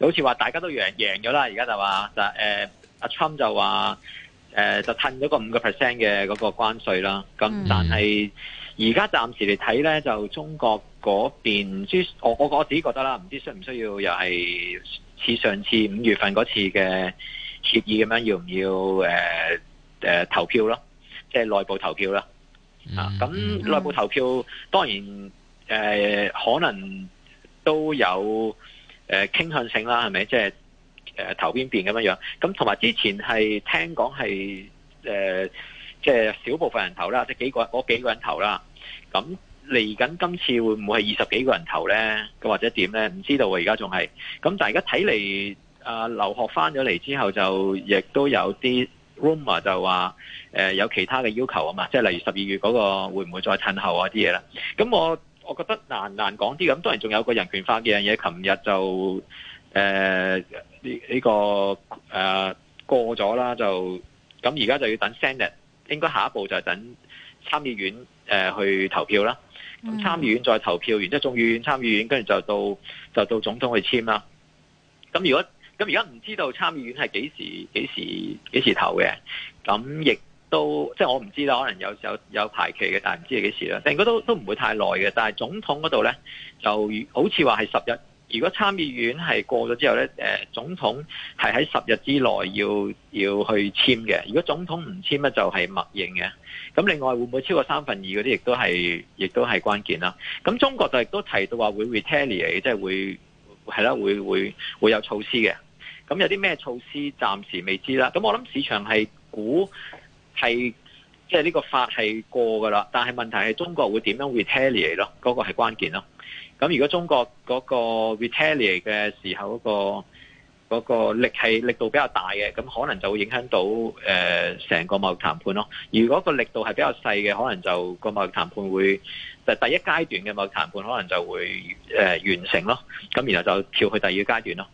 好似話大家都贏贏咗啦，而家就話就誒，阿 Trump 就話誒就褪咗個五個 percent 嘅嗰個關稅啦。咁但係而家暫時嚟睇咧，就中國嗰邊，我我我自己覺得啦，唔知需唔需要，需要又係似上次五月份嗰次嘅協議咁樣，要唔要誒誒、呃呃、投票咯，即係內部投票啦。嗯、啊，咁內部投票、嗯、當然誒、呃、可能都有。誒傾向性啦，係咪？即係誒、呃、投邊邊咁樣樣。咁同埋之前係聽講係誒，即係少部分人投啦，即係幾個嗰幾個人投啦。咁嚟緊今次會唔會係二十幾個人投咧？咁或者點咧？唔知道喎、啊。而家仲係。咁但係而家睇嚟，啊劉鶴翻咗嚟之後就亦都有啲 rumor 就話誒、呃、有其他嘅要求啊嘛。即係例如十二月嗰個會唔會再褪後啊啲嘢啦。咁我。我覺得難難講啲咁，當然仲有個人權化嘅嘢。琴日就誒呢呢個誒、呃、過咗啦，就咁而家就要等 Senate，應該下一步就係等參議院、呃、去投票啦。咁參議院再投票，然之後眾議院、參議院，跟住就到就到總統去簽啦。咁如果咁而家唔知道參議院係幾時幾時幾時投嘅，咁亦。都即係我唔知啦，可能有有有排期嘅，但係唔知係幾時啦。但係都都唔會太耐嘅。但係總統嗰度呢，就好似話係十日。如果參議院係過咗之後呢，誒，總統係喺十日之內要要去簽嘅。如果總統唔簽呢，就係默認嘅。咁另外會唔會超過三分二嗰啲，亦都係亦都係關鍵啦。咁中國就亦都提到話會 retaliate，即係會係啦，會會會有措施嘅。咁有啲咩措施暫時未知啦。咁我諗市場係估。係即係呢個法係過噶啦，但係問題係中國會點樣 retaliate 咯？嗰個係關鍵咯。咁如果中國嗰個 retaliate 嘅時候嗰個嗰個力係力度比較大嘅，咁可能就會影響到誒成、呃、個貿易談判咯。如果個力度係比較細嘅，可能就個貿易談判會就係、第一階段嘅貿易談判可能就會誒、呃、完成咯。咁然後就跳去第二階段咯。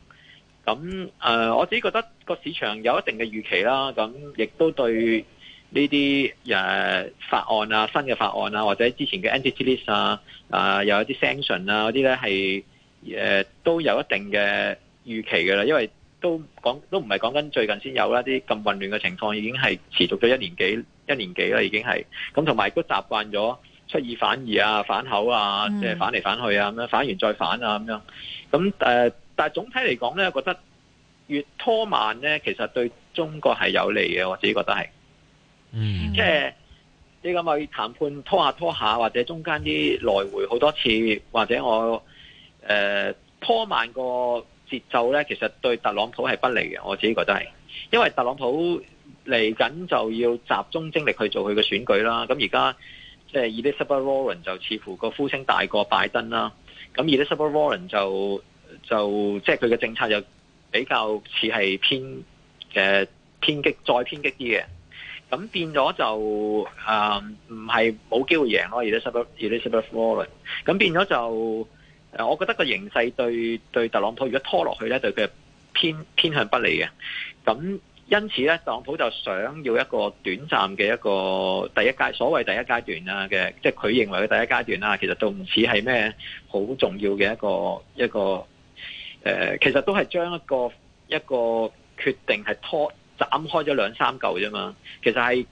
咁誒、呃，我自己覺得個市場有一定嘅預期啦。咁亦都對。呢啲誒法案啊，新嘅法案啊，或者之前嘅 entity list 啊，啊，又有啲 sanction 啊嗰啲咧，係誒、呃、都有一定嘅預期嘅啦。因為都講都唔係講緊最近先有啦，啲咁混亂嘅情況已經係持續咗一年幾一年幾啦，已經係咁，同埋都習慣咗出爾反爾啊、反口啊、即、mm. 係反嚟反去啊、咁樣反完再反啊咁樣。咁誒、呃，但係總體嚟講咧，覺得越拖慢咧，其實對中國係有利嘅，我自己覺得係。嗯、mm -hmm.，即係你咁去談判拖下拖下，或者中間啲來回好多次，或者我誒、呃、拖慢個節奏咧,其實對特朗普係不利嘅。我自己覺得係，因為特朗普嚟緊就要集中精力去做佢嘅選舉啦。咁而家即係 Elizabeth Warren 就似乎個呼聲大過拜登啦。咁 Elizabeth Warren 就就，就即係佢嘅政策就比較似係偏誒、呃、偏激，再偏激啲嘅。咁變咗就誒唔係冇機會贏咯，Elizabeth、Elizabeth Warren。咁變咗就誒，我覺得個形勢對，對特朗普如果拖落去咧，對佢偏偏向不利嘅。咁因此咧，特朗普就想要一個短暫嘅一個第一階所謂第一階段啦、啊、嘅，即係佢認為嘅第一階段啦、啊、其實都唔似係咩好重要嘅一個一個、呃、其實都係將一個一個決定係拖。斬開咗兩三舊啫嘛，其實係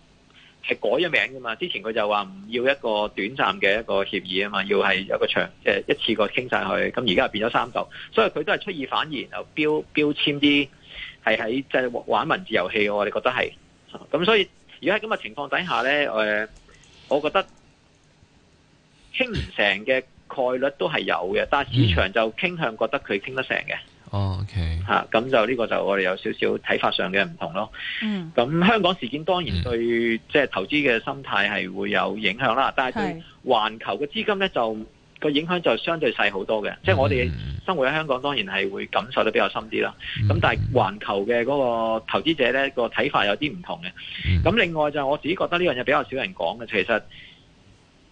係改咗名噶嘛，之前佢就話唔要一個短暫嘅一個協議啊嘛，要係一個長、即係、一次過傾晒去，咁而家變咗三舊，所以佢都係出爾反爾，又標標籤啲係喺即係玩文字遊戲、哦，我哋覺得係，咁所以而家喺咁嘅情況底下咧，誒，我覺得傾唔成嘅概率都係有嘅，但係市場就傾向覺得佢傾得成嘅。哦、oh，OK，吓、啊，咁就呢個就我哋有少少睇法上嘅唔同咯。嗯，咁香港事件當然對即係投資嘅心態係會有影響啦，mm. 但係對環球嘅資金咧就個影響就相對細好多嘅。Mm. 即係我哋生活喺香港，當然係會感受得比較深啲啦。咁、mm. 但係環球嘅嗰個投資者咧、那個睇法有啲唔同嘅。咁、mm. 另外就係我自己覺得呢樣嘢比較少人講嘅，其實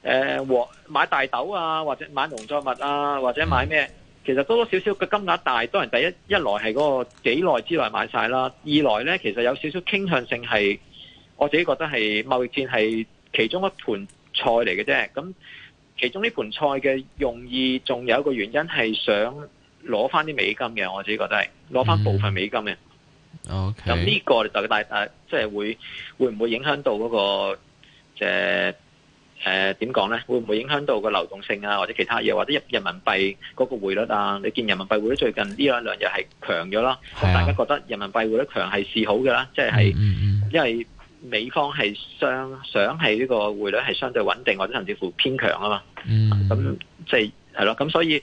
誒，和、呃、買大豆啊，或者買農作物啊，或者買咩？Mm. 其實多多少少嘅金額大，多人第一一來係嗰個幾耐之內買晒啦。二來呢，其實有少少傾向性係，我自己覺得係貿易戰係其中一盤菜嚟嘅啫。咁其中呢盤菜嘅用意，仲有一個原因係想攞翻啲美金嘅。我自己覺得係攞翻部分美金嘅。O、嗯、K。咁、okay. 呢個就大，即係會會唔會影響到嗰、那個、呃誒、呃，點講咧？會唔會影響到個流動性啊，或者其他嘢，或者人民幣嗰個匯率啊？你見人民幣匯率最近呢兩兩日係強咗啦、啊，大家覺得人民幣匯率強係示好嘅啦、嗯嗯嗯，即係因為美方係想想係呢個匯率係相對穩定，或者甚至乎偏強啊嘛。咁即係係咯、咁、啊就是啊、所以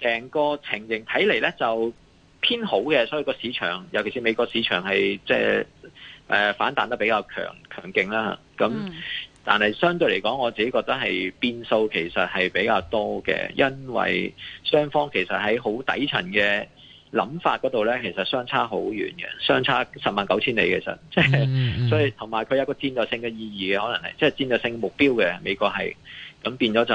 成個情形睇嚟咧就偏好嘅，所以個市場，尤其是美國市場係即係誒反彈得比較強強勁啦、啊。咁但係相對嚟講，我自己覺得係變數其實係比較多嘅，因為雙方其實喺好底層嘅諗法嗰度呢，其實相差好遠嘅，相差十萬九千里其實，即係，mm-hmm. 所以同埋佢有，佢有一個戰略性嘅意義嘅，可能係即係戰略性嘅目標嘅美國係咁變咗就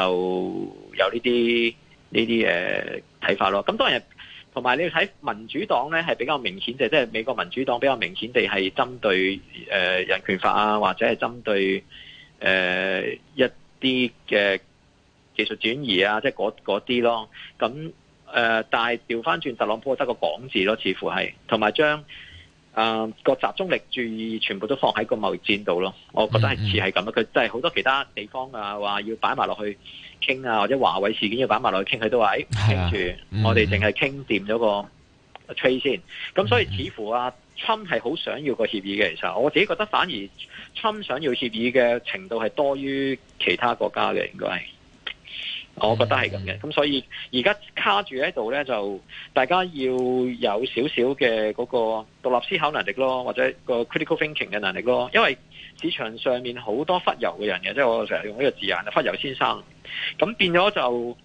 有呢啲呢啲誒睇法咯。咁當然同埋你睇民主黨呢，係比較明顯地，即、就、係、是、美國民主黨比較明顯地係針對誒、呃、人權法啊，或者係針對。誒、呃，一啲嘅技術轉移啊，即係嗰嗰啲咯。咁誒、呃，但係調翻轉特朗普得個講字咯，似乎係同埋將誒個集中力注意全部都放喺個貿易戰度咯。我覺得係似係咁咯。佢即係好多其他地方啊，話要擺埋落去傾啊，或者華為事件要擺埋落去傾，佢都話誒，停住、欸，啊嗯、我哋淨係傾掂咗個 trade 先。咁所以似乎啊。Trump 係好想要個協議嘅，其實我自己覺得反而 Trump 想要協議嘅程度係多於其他國家嘅，應該係，我覺得係咁嘅。咁、嗯嗯、所以而家卡住喺度咧，就大家要有少少嘅嗰個獨立思考能力咯，或者個 critical thinking 嘅能力咯，因為市場上面好多忽悠嘅人嘅，即、就是、我成日用呢個字眼忽悠先生，咁變咗就。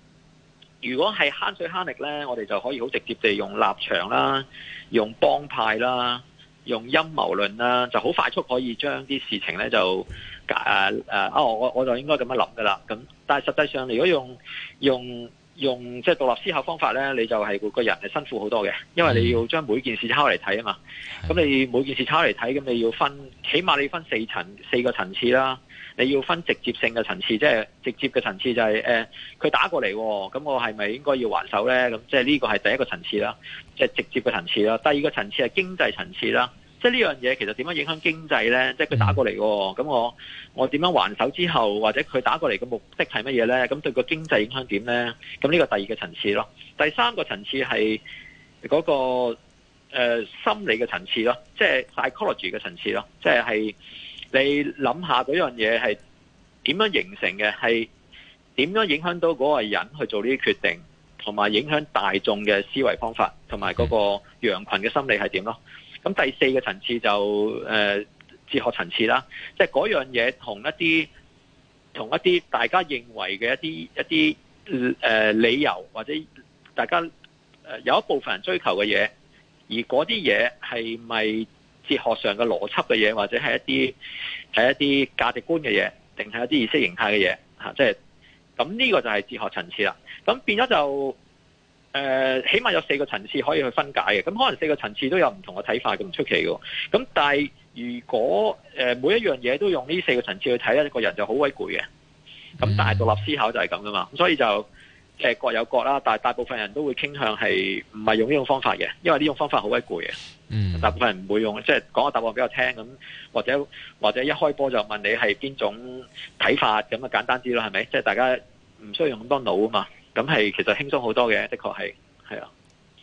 如果係慳水慳力呢，我哋就可以好直接地用立場啦、用幫派啦、用陰謀論啦，就好快速可以將啲事情呢就誒誒、啊啊、我我就應該咁樣諗㗎喇。咁但係實際上，如果用用用即係獨立思考方法呢，你就係、是、個人係辛苦好多嘅，因為你要將每件事抄嚟睇啊嘛。咁你每件事抄嚟睇，咁你要分，起碼你要分四層四個層次啦。你要分直接性嘅層次，即係直接嘅層次就係、是、誒，佢、呃、打過嚟、哦，咁我係咪應該要還手呢？咁即係呢個係第一個層次啦，即、就、係、是、直接嘅層次啦。第二個層次係經濟層次啦，即係呢樣嘢其實點樣影響經濟呢？嗯、即係佢打過嚟、哦，咁我我點樣還手之後，或者佢打過嚟嘅目的係乜嘢呢？咁對個經濟影響點呢？咁呢個第二個層次咯。第三個層次係嗰個、呃、心理嘅層次咯，即係 psychology 嘅層次咯、嗯，即係係。你諗下嗰樣嘢係點樣形成嘅？係點樣影響到嗰個人去做呢啲決定，同埋影響大眾嘅思維方法，同埋嗰個羊群嘅心理係點咯？咁第四個層次就誒、呃、哲學層次啦，即係嗰樣嘢同一啲同一啲大家認為嘅一啲一啲誒、呃、理由，或者大家誒、呃、有一部分人追求嘅嘢，而嗰啲嘢係咪？哲學上嘅邏輯嘅嘢，或者係一啲係一啲價值觀嘅嘢，定係一啲意識形態嘅嘢，吓、啊，即係咁呢個就係哲學層次啦。咁變咗就誒、呃，起碼有四個層次可以去分解嘅。咁可能四個層次都有唔同嘅睇法，咁唔出奇嘅。咁但係如果誒、呃、每一樣嘢都用呢四個層次去睇，一個人就好鬼攰嘅。咁大獨立思考就係咁噶嘛。咁所以就。誒，各有各啦，但係大部分人都會傾向係唔係用呢種方法嘅，因為呢種方法好鬼攰嘅。嗯，大部分人唔會用，即係講個答案俾我聽咁，或者或者一開波就問你係邊種睇法咁啊，簡單啲啦，係咪？即係大家唔需要用咁多腦啊嘛，咁係其實輕鬆好多嘅，的確係係啊，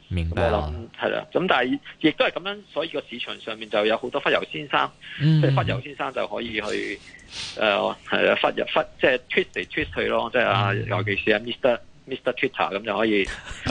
明白。我諗係啦，咁但係亦都係咁樣，所以個市場上面就有好多忽悠先生，嗯、即係忽悠先生就可以去誒，係、呃、啊，忽入忽即係 twist 嚟 twist 去咯，即係啊，尤其是啊，Mr。Mr. Twitter 咁就可以，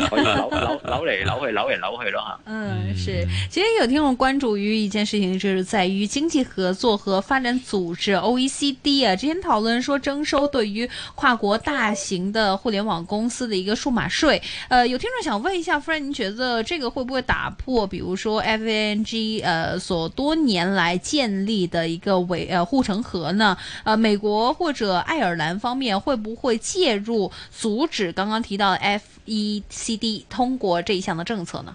可以扭扭扭嚟扭去，扭嚟扭去咯。嗯，是，其實有聽眾關注於一件事情，就是在於經濟合作和發展組織 OECD 啊，之前討論說徵收對於跨國大型的互聯網公司的一個數碼稅。呃、啊，有聽眾想問一下，夫人，您覺得這個會不會打破，比如說 FNG 呃、啊，所多年來建立的一個維呃護城河呢？呃、啊，美國或者愛爾蘭方面，會不會介入阻止？剛剛提到 FECD 通過這一項的政策呢？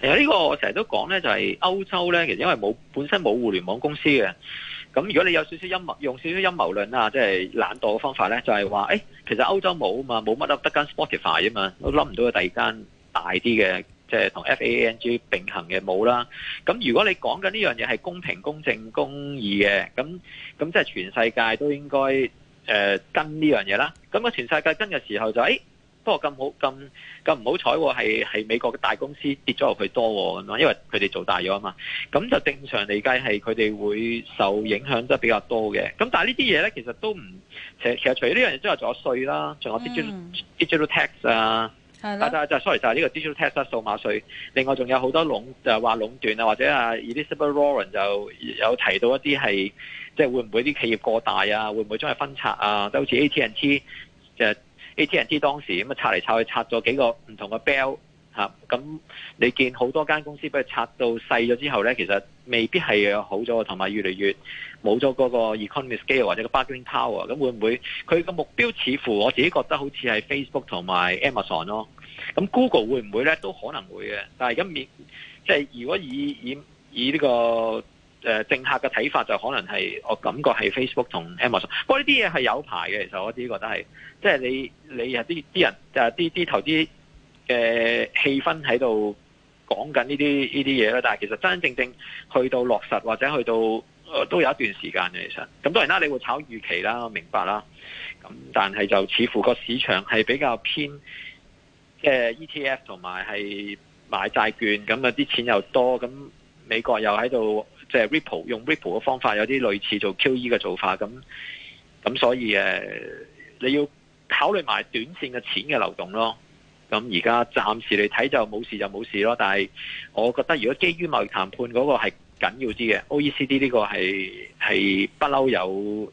其實呢個我成日都講呢就係歐洲呢其實因為冇本身冇互聯網公司嘅，咁如果你有少少陰謀用少少陰謀論啊，即係懶惰嘅方法呢，就係話誒，其實歐洲冇啊嘛，冇乜得得間 Spotify 啊嘛，我諗唔到有第二間大啲嘅，即係同 FAANG 並行嘅冇啦。咁如果你講緊呢樣嘢係公平、公正、公義嘅，咁咁即係全世界都應該。誒、呃、跟呢樣嘢啦，咁啊全世界跟嘅時候就誒、欸，不過咁好咁咁唔好彩，係係、啊、美國嘅大公司跌咗落去多、啊，因為佢哋做大咗啊嘛，咁就正常嚟計係佢哋會受影響得比較多嘅。咁但係呢啲嘢咧，其實都唔其實其實除咗呢樣嘢，都仲有稅啦，仲有 digital、嗯、digital tax 啊，但啦、啊，就係、sorry 就係呢個 digital tax、啊、數碼稅，另外仲有好多壟就話壟斷啊，或者啊 Elizabeth Warren 就有提到一啲係。即係會唔會啲企業過大啊？會唔會將佢分拆啊？即好似 AT&T，就 AT&T AT 當時咁啊，拆嚟拆去拆咗幾個唔同嘅 bell，吓，咁你見好多間公司，俾佢拆到細咗之後咧，其實未必係好咗，同埋越嚟越冇咗嗰個 economic scale 或者個 bargaining power 會會。咁會唔會佢個目標似乎我自己覺得好似係 Facebook 同埋 Amazon 咯。咁 Google 會唔會咧，都可能會嘅，但係而家面即係如果以以以呢、這個。誒、呃、政客嘅睇法就可能係，我感覺係 Facebook 同 Amazon。不過呢啲嘢係有排嘅，其實我自己覺得係，即係你你啊啲啲人啊啲啲投資嘅氣氛喺度講緊呢啲呢啲嘢啦。但係其實真真正正去到落實或者去到、呃、都有一段時間嘅，其實咁當然啦，你會炒預期啦，我明白啦。咁但係就似乎個市場係比較偏，即、呃、ETF 同埋係買債券咁啊啲錢又多，咁美國又喺度。即係 Ripple 用 Ripple 嘅方法，有啲類似做 QE 嘅做法，咁咁所以誒你要考慮埋短線嘅錢嘅流動咯。咁而家暫時你睇就冇事就冇事咯。但係我覺得如果基於貿易談判嗰個係緊要啲嘅，OECD 呢個係係不嬲有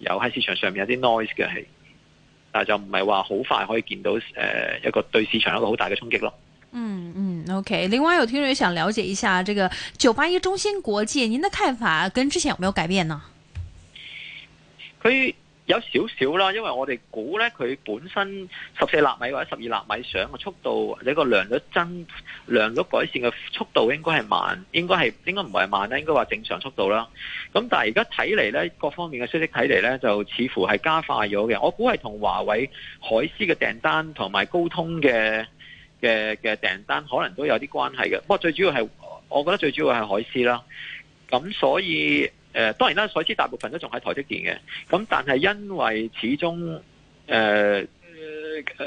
有喺市場上面有啲 noise 嘅係，但係就唔係話好快可以見到誒一個對市場一個好大嘅衝擊咯。嗯嗯，OK。另外有聽者想了解一下，這個九八一中芯國際，您的看法跟之前有沒有改變呢？佢有少少啦，因為我哋估咧，佢本身十四納米或者十二納米上嘅速度，你、這個量率增量率改善嘅速度應該係慢，應該係應該唔係慢啦，應該話正常速度啦。咁但係而家睇嚟咧，各方面嘅消息睇嚟咧，就似乎係加快咗嘅。我估係同華為、海思嘅訂單同埋高通嘅。嘅嘅訂單可能都有啲關係嘅，不過最主要係我覺得最主要係海思啦。咁所以誒、呃，當然啦，海思大部分都仲喺台積電嘅。咁但係因為始終誒、呃、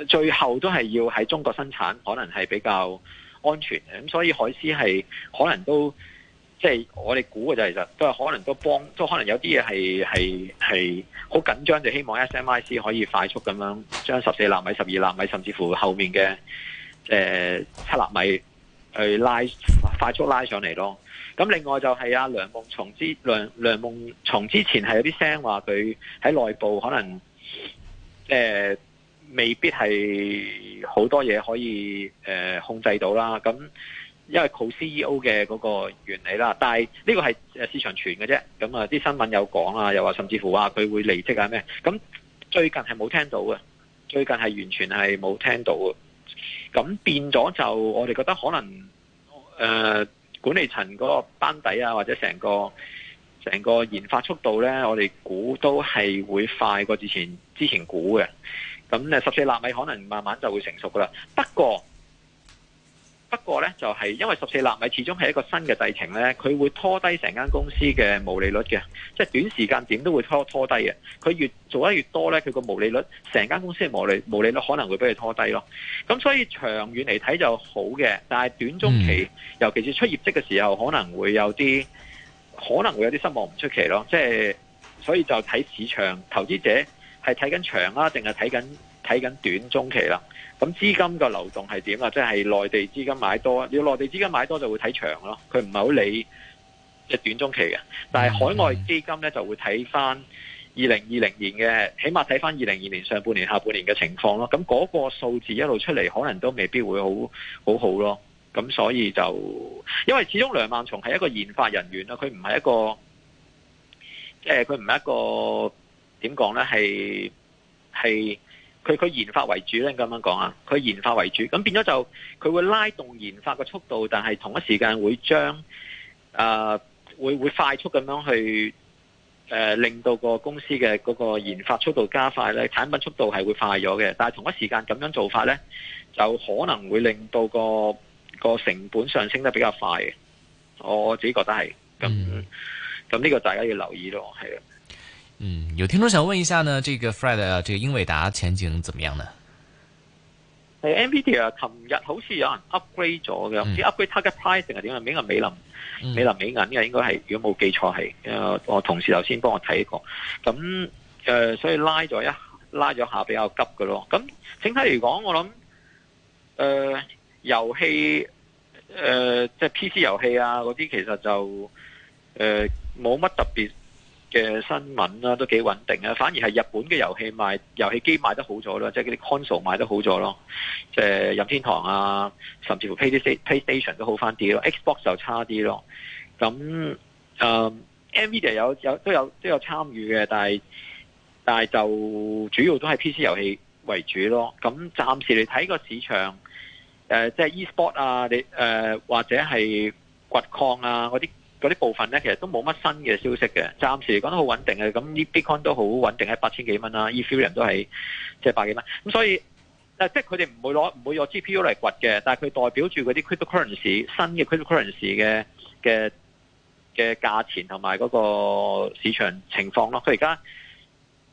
最後都係要喺中國生產，可能係比較安全嘅。咁所以海思係可能都即係、就是、我哋估嘅就係，其實都係可能都幫，都可能有啲嘢係係係好緊張，就希望 SMIC 可以快速咁樣將十四納米、十二納米，甚至乎後面嘅。誒、呃，七納米去拉快速拉上嚟咯。咁另外就係阿、啊、梁孟松之梁梁孟松之前係有啲聲話佢喺內部可能，誒、呃，未必係好多嘢可以誒、呃、控制到啦。咁因為 co-CEO 嘅嗰個原理啦。但係呢個係誒市場傳嘅啫。咁啊，啲新聞有講啊，又話甚至乎話佢會離職啊咩？咁最近係冇聽到嘅，最近係完全係冇聽到嘅。咁變咗就，我哋覺得可能誒、呃、管理層嗰個班底啊，或者成個成個研發速度呢，我哋估都係會快過之前之前估嘅。咁誒十四納米可能慢慢就會成熟㗎喇，不過。不過呢，就係因為十四納米始終係一個新嘅製程呢，佢會拖低成間公司嘅毛利率嘅，即係短時間點都會拖拖低嘅。佢越做得越多呢，佢個毛利率，成間公司嘅毛利毛利率可能會俾佢拖低咯。咁所以長遠嚟睇就好嘅，但係短中期、嗯，尤其是出業績嘅時候，可能會有啲可能會有啲失望唔出奇咯。即係所以就睇市場，投資者係睇緊長啊，定係睇緊？睇緊短中期啦，咁資金嘅流動係點啊？即係內地資金買多，你內地資金買多就會睇長咯。佢唔係好理即短中期嘅，但係海外資金咧就會睇翻二零二零年嘅，起碼睇翻二零二年上半年、下半年嘅情況咯。咁嗰個數字一路出嚟，可能都未必會很好好好咯。咁所以就因為始終梁萬松係一個研發人員啦，佢唔係一個即係佢唔係一個點講咧？係，係。是，是佢佢研發為主咧咁樣講啊，佢研發為主，咁變咗就佢會拉動研發嘅速度，但係同一時間會將誒、呃、會會快速咁樣去誒、呃、令到個公司嘅嗰個研發速度加快咧，產品速度係會快咗嘅。但係同一時間咁樣做法咧，就可能會令到個個成本上升得比較快嘅。我自己覺得係咁，咁呢個大家要留意咯，係啊。嗯，有聽眾想問一下呢，這個 Fred，這個英偉達前景怎麼樣呢？喺 Nvidia 琴日好似有人 upgrade 咗嘅，唔、嗯、知 upgrade target pricing 係點啊？美銀美林，美林、嗯、美銀啊，應該係，如果冇記錯係，誒，我同事頭先幫我睇過，咁誒、呃，所以拉咗一下拉咗下比較急嘅咯。咁整體嚟講，我諗誒、呃、遊戲誒、呃，即係 PC 遊戲啊那些，嗰啲其實就誒冇乜特別嘅新聞啦、啊，都幾穩定啊！反而係日本嘅遊戲賣遊戲機賣得好咗咯，即係嗰啲 console 賣得好咗咯，即係任天堂啊，甚至乎 PlayStation 都好翻啲咯，Xbox 就差啲咯。咁嗯、呃、Nvidia 有有都有都有參與嘅，但係但係就主要都係 PC 遊戲為主咯。咁暫時你睇個市場，誒、呃，即、就、係、是、eSport 啊，你誒、呃、或者係掘礦啊嗰啲。嗰啲部分咧，其實都冇乜新嘅消息嘅，暫時嚟講都好穩定嘅。咁呢 Bitcoin 都好穩定喺八千幾蚊啦 Ethereum 都喺即係百幾蚊。咁所以，啊，即係佢哋唔會攞唔會用 GPU 嚟掘嘅，但係佢代表住嗰啲 cryptocurrency 新嘅 cryptocurrency 嘅嘅嘅價錢同埋嗰個市場情況咯。佢而家。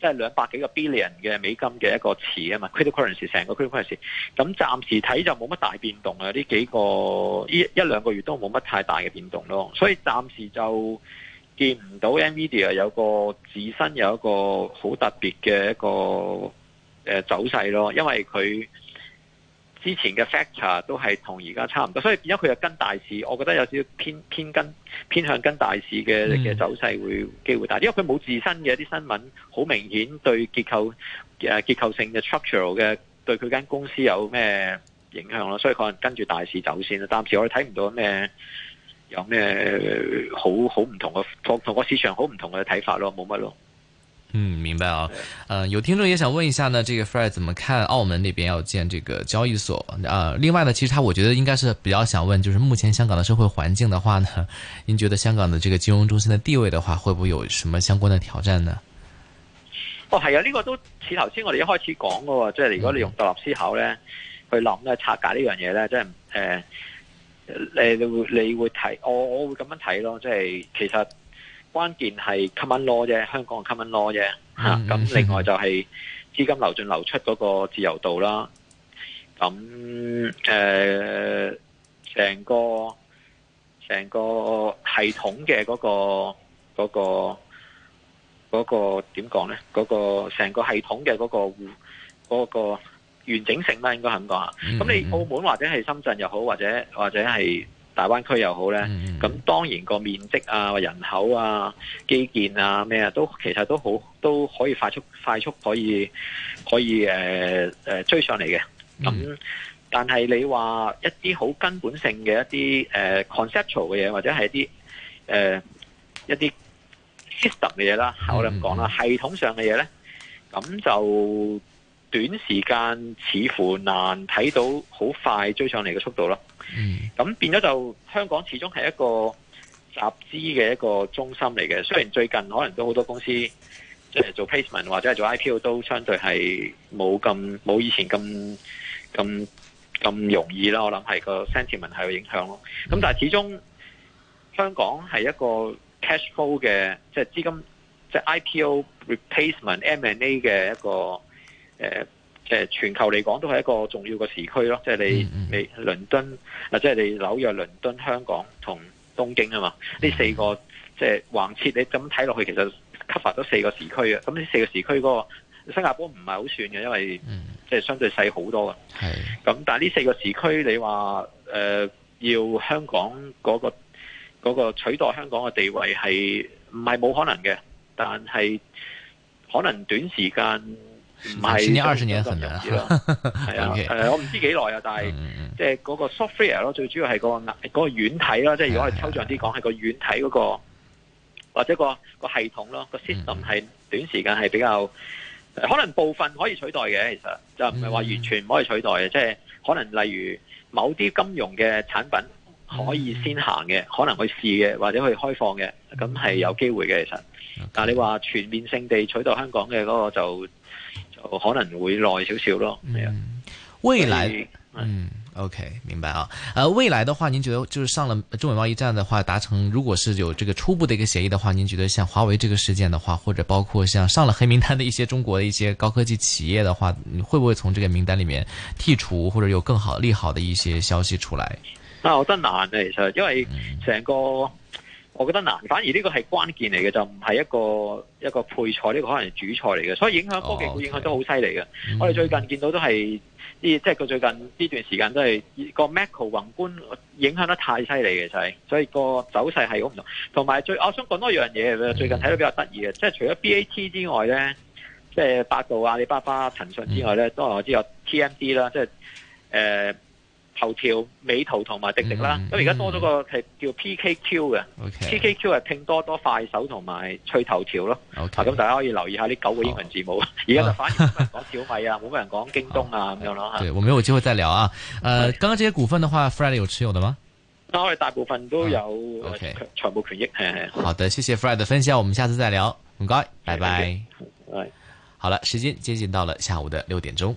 即係兩百幾個 billion 嘅美金嘅一個詞啊嘛，credit currency 成個 credit currency，咁暫時睇就冇乜大變動啊！呢幾個一,一兩個月都冇乜太大嘅變動咯，所以暫時就見唔到 Nvidia 有個自身有一個好特別嘅一個、呃、走勢咯，因為佢。之前嘅 factor 都係同而家差唔多，所以變咗佢又跟大市。我覺得有少少偏偏跟偏向跟大市嘅嘅走勢會機會大啲，因為佢冇自身嘅一啲新聞，好明顯對結構誒結構性嘅 structural 嘅對佢間公司有咩影響咯，所以可能跟住大市走先啦。暫時我哋睇唔到咩有咩好好唔同嘅同個市場好唔同嘅睇法咯，冇乜咯。嗯，明白啊、哦。嗯、呃，有聽眾也想問一下呢，這個 Fred 怎麼看澳門那邊要建這個交易所？啊、呃，另外呢，其實他我覺得應該是比較想問，就是目前香港的社會環境的話呢，您覺得香港的這個金融中心的地位的話，會不會有什麼相關的挑戰呢？哦，係啊，呢、這個都似頭先我哋一開始講嘅、哦，即係如果你用獨立思考呢，去諗呢拆解呢樣嘢呢，即係誒，誒、呃，你你會睇，我我會咁樣睇咯，即係其實。關鍵係 common law 啫，香港係 common law 啫，吓、mm、咁 -hmm. 啊。另外就係資金流進流出嗰個自由度啦，咁誒，成、呃、個成個系統嘅嗰、嗰個嗰、嗰個嗰、嗰個點講咧？嗰、嗰個成、嗰個、個系統嘅嗰、嗰個嗰、嗰個完整性啦，應該係咁講吓。咁、mm -hmm. 你澳門或者係深圳又好，或者或者係。大灣區又好咧，咁當然個面積啊、人口啊、基建啊咩啊，都其實都好都可以快速快速可以可以誒、呃、追上嚟嘅。咁但係你話一啲好根本性嘅一啲誒、呃、conceptual 嘅嘢，或者係啲誒一啲、呃、system 嘅嘢啦，我咁講啦，系統上嘅嘢咧，咁就短時間似乎難睇到好快追上嚟嘅速度咯。咁、嗯、變咗就香港始終係一個集資嘅一個中心嚟嘅，雖然最近可能都好多公司即係、就是、做 placement 或者係做 IPO 都相對係冇咁冇以前咁咁咁容易啦，我諗係個 sentiment 係有影響咯。咁但係始終香港係一個 cash flow 嘅即係資金即係、就是、IPO replacement M and A 嘅一個誒。呃即全球嚟講，都係一個重要嘅時區咯。即係你、你倫敦或者係你紐約、倫敦、香港同東京啊嘛。呢四個即係、就是、橫切，你咁睇落去，其實 cover 咗四個時區啊。咁呢四個時區嗰個新加坡唔係好算嘅，因為即係相對細好多嘅。咁但係呢四個時區，時區嗰個、時區你話誒、呃、要香港嗰、嗰個嗰、嗰個取代香港嘅地位係唔係冇可能嘅？但係可能短時間。唔係十年二十年可能，係、 就是、 啊，okay. 我唔知幾耐啊，但係即係嗰個 software 咯，mm. 最主要係嗰個嗰個軟體咯，即、mm. 係如果我哋抽象啲講，係個軟體嗰、那個、mm. 或者個個系統咯，個 system 係是短時間係比較、mm. 可能部分可以取代嘅，其實就唔係話完全唔可以取代嘅，即、mm. 係可能例如某啲金融嘅產品可以先行嘅，mm. 可能去試嘅，或者去開放嘅，咁係有機會嘅其實的。Okay. 但係你話全面性地取代香港嘅嗰個就。可能會耐少少咯、嗯。未來，嗯，OK，明白啊、呃。未來的話，您覺得就是上了中美貿易戰的話，達成如果是有這個初步的一個協議的話，您覺得像華為這個事件的話，或者包括像上了黑名單的一些中國的一些高科技企業的話，你會不會從這個名單裏面剔除，或者有更好利好的一些消息出來？啊，我真難啊，其實，因為成個。我覺得難，反而呢個係關鍵嚟嘅，就唔係一個一個配菜，呢、這個可能係主菜嚟嘅，所以影響科技股影響都好犀利嘅。Oh, okay. 我哋最近見到都係呢，即係佢最近呢段時間都係個 Macro 宏觀影響得太犀利嘅，就係所以個走勢係好唔同。同埋最、啊，我想講多一樣嘢、mm. 最近睇到比較得意嘅，即係除咗 BAT 之外咧，即係百度、阿里巴巴、騰訊之外咧，都係我知有 TMD 啦，即係誒。頭條、美圖同埋滴滴啦，咁而家多咗個係叫 PKQ 嘅、okay.，PKQ 係拼多多、快手同埋趣頭條咯。好、okay. 啊，咁大家可以留意下呢九個英文字母。而家就反而冇人講小米啊，冇 乜人講京東啊咁、哦、樣咯。對我沒有機會再聊啊，誒、呃， 剛剛這些股份的話 Fred 有持有的嗎？啊，我哋大部分都有、啊、，OK，財務權益係係。好的，謝謝 Fred 嘅分享，我們下次再聊，唔該，拜拜。好了，時間接近到了下午的六點鐘。